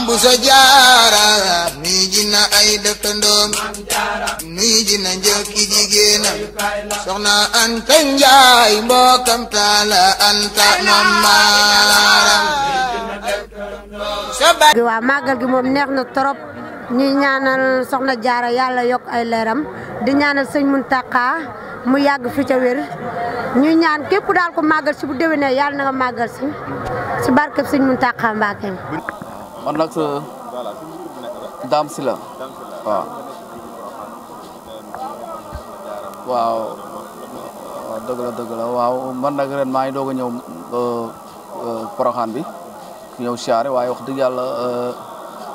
maam bu sa jaara nuy na ay dëkkandoom nuy ji na njëkki jigéenam soxna Anta Njaay mbokkam taala Anta maam maaram waaw màggal gi moom neex na trop ñuy ñaanal soxna jaara yàlla yokk ay leeram di ñaanal sëñ Muntaqa mu yàgg fi ca wér ñu ñaan képp daal ko màggal si bu déwénee yàlla na nga màggal si si barkeb sëñ Muntaqa Mbàkke man nag Dame Sylla waaw dëgg la waaw man nag ren maa doog a ñëw euh, euh, Porokhane bi ñëw siyaare waaye wax dëgg yàlla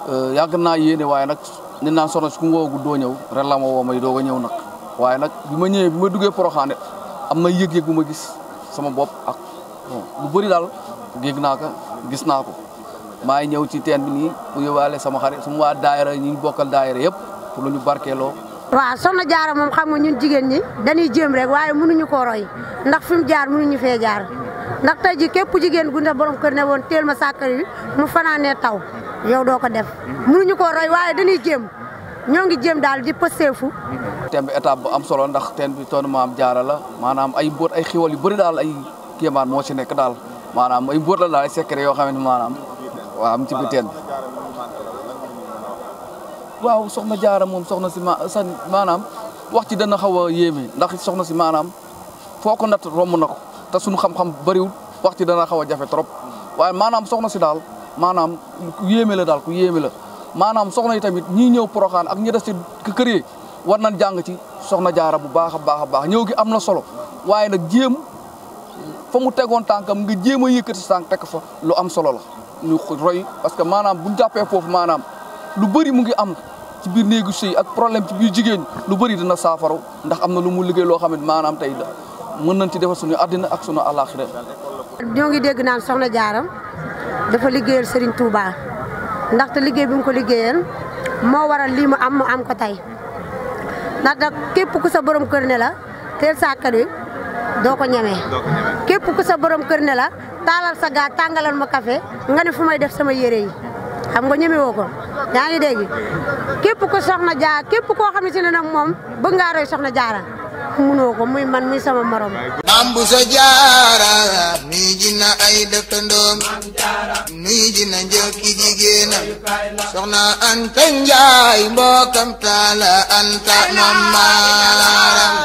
euh, yàgg naa yéene waaye nag nit naa soxna si ku ma woogu doo ñëw ren la ma woo doog a ñëw nag waaye nag bi ma ñëwee bi ma duggee Porokhane am na yëg-yëg bu ma gis sama bopp ak lu bëri daal yëg naa ko gis naa ko maa ngi ñëw ci teen bi nii mu yóbbaale sama xarit su ma waa daayira ñu bokkal daayira yëpp lu ñu barkeeloo. waaw soxna jaara moom xam nga ñun jigéen ñi dañuy jéem rek waaye mënuñu koo roy ndax fi mu jaar ñu fee jaar ndax tey ji képp jigéen gu ne borom kër ne woon teel ma sàkkar yi mu fanaanee taw yow doo ko def mënuñu koo roy waaye dañuy jéem ñoo ngi jëm daal di pëseefu. teen bi étape bu am solo ndax ten bi toon maam jaara la maanaam ay mbóot ay xiwal yu bëri daal ay kéemaan moo ci nekk daal maanaam ay mbóot la daal ay secret yoo xamante maanaam waaw am ci biteen bi waaw soxna jaara moom soxna si maanaam wax ci dana xaw a yéeme ndax soxna si maanaam foo ko natt romb na ko te suñu xam-xam bëriwul wax ci dana xaw a jafe trop waaye maanaam soxna si daal maanaam ku yéeme la daal ku yéeme la maanaam soxna yi tamit ñii ñëw poroxaan ak ñi des ci kër yi war na jàng ci soxna jaara bu baax a baax a baax ñëw gi am na solo waaye nag jéem fa mu tegoon tànkam nga jéem a yëkkati sa tànk teg fa lu am solo la ñu roy parce que maanaam bu jàppee foofu maanaam lu bëri mu ngi am ci biir néegu sëy ak problème ci biir jigéen lu bëri dina saafaro ndax am na lu mu liggéey loo xam ne maanaam tey da mën nañ ci defa suñu àddina ak suñu àllaaxira ñoo ngi dégg naan soxna jaaram dafa liggéeyal Serigne Touba ndaxte liggéey bi mu ko liggéeyal moo waral lii mu am mu am ko tey ndax da képp ku sa borom kër ne la teel saa kër doo ko ñemee képp sa borom kër ne la taalal sa gaa tàngalal ma café nga ne fu may def sama yére yi xam nga ñemewoo ko yaa ngi dégg képp ku soxna jaar képp koo xam ne si ne nag moom bëgg ngaa roy soxna jaara munoo muy man muy sama morom maam bu sa jaara ay dëkkandoom njëkki jigéenam soxna Anta Njaay mbokkam taala Anta mam maaram